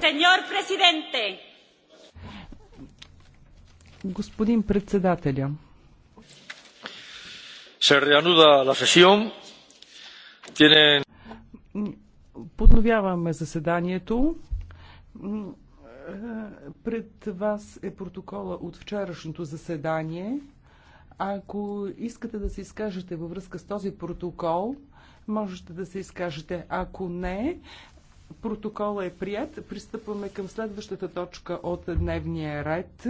Сеньор президенте! Господин председателя. Се реануда ла сесион. Tiene... Подновяваме заседанието. Пред вас е протокола от вчерашното заседание. Ако искате да се изкажете във връзка с този протокол, можете да се изкажете. Ако не, Протокола е прият. Пристъпваме към следващата точка от дневния ред.